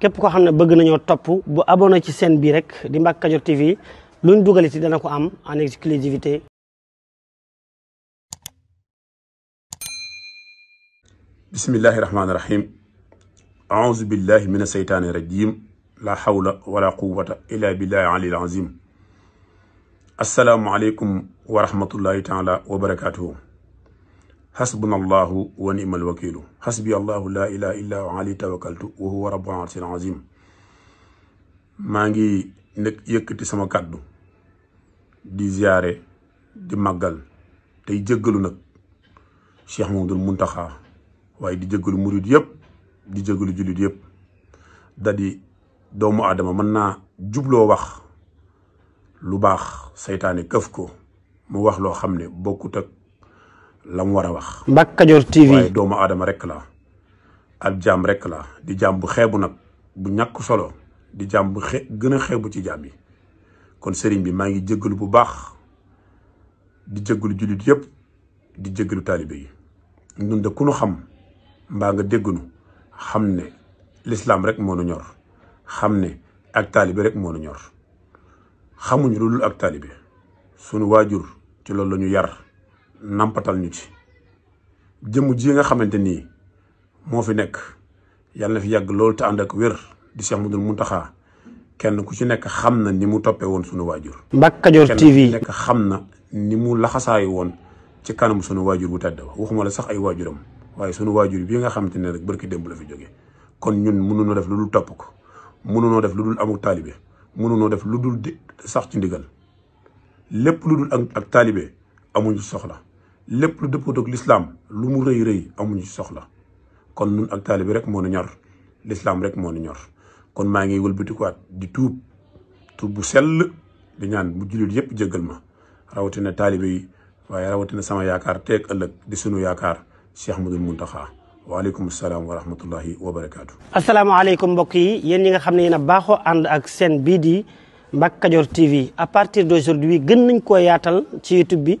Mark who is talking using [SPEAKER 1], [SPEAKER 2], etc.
[SPEAKER 1] képp koo xam ne bëgg nañoo topp bu abonné ci seen bii rek di Mbacke Kadior TV luñ dugal ci dana ko am en exclusivité
[SPEAKER 2] bismillahi rahmaani rahim aouzu billahi min aseytaani rajim la hawla wala quwata illa billahi alil azim asalaamualeykum wa rahmatullahi taala wa barakaatuhu xasbuna allahu wa nimal wakiilu xasbi allahu laa ilaha illa wa ali tawakkaltu wa huwa rabbul arsil azim maa ngi nekk yëkkati sama kàddu di ziyaare di màggal tey jëggalu nag Cheikh Mamadul Muntaxa waaye di jëggalu murid yëpp di jëggalu jullit yëpp da doomu aadama mën naa jubloo wax lu baax seytaane këf ko mu wax loo xam ne bokkut ak la war a wax. Mbacke Kadior TV waaye doomu aadama rek la ab jaam rek la di jaam bu xeebu nag bu ñàkk solo di jaam bu xe gën a xeebu ci jaam yi kon sëriñ bi maa ngi jéggalu bu baax di jéggalu jullit yépp di jéggalu taalibe yi ñun de ku nu xam mbaa nga déggunu xam ne lislaam rek moo nu ñor xam ne ak taalibe rek moo nu ñor xamuñu lu dul ak taalibe sunu waajur ci loolu la ñu yar. nampatal ñu ci jëmm ji nga xamante nii moo fi nekk yàlla na fi yàgg loolu te ànd ak wér di Cheikh Mouhamadoul Mountakha kenn ku ci nekk xam na ni mu toppee woon sunu waajur. Mbacke Kadior TV nekk xam na ni mu laxasaayu woon ci kanam sunu waajur bu tedd waxuma la sax ay waajuram waaye sunu waajur bii nga xamante ne rek ki démb la fi jógee kon ñun mënuñoo def lu dul topp ko mënuñoo def lu dul amuk taalibe mënuñoo def lu dul di sax ci ndigal lépp lu dul ak taalibe amuñu soxla. lépp lu dëppoo ak lislaam lu mu rëy rëy amuñu ci soxla kon nun ak taalibe rek moo na ñor lislaam rek moo nu ñor kon maa ngi wëlbatikuwaat di tuub tuub bu sell di ñaan bu jullit yépp jéggal ma rawatina taalibe yi waaye rawatina sama yaakaar teeg ëllëg di sunu yaakaar Cheikh Ahmadul Muntaxa waaleykum salaam wa rahmatullahi wa barakaatu.
[SPEAKER 1] asalaamaaleykum mbokk yi yéen yi nga xam ne yi a baaxoo ànd ak seen bii di Mbacke Kadior TV à partir d'aujourd'hui gën nañ koo yaatal ci YouTube bi.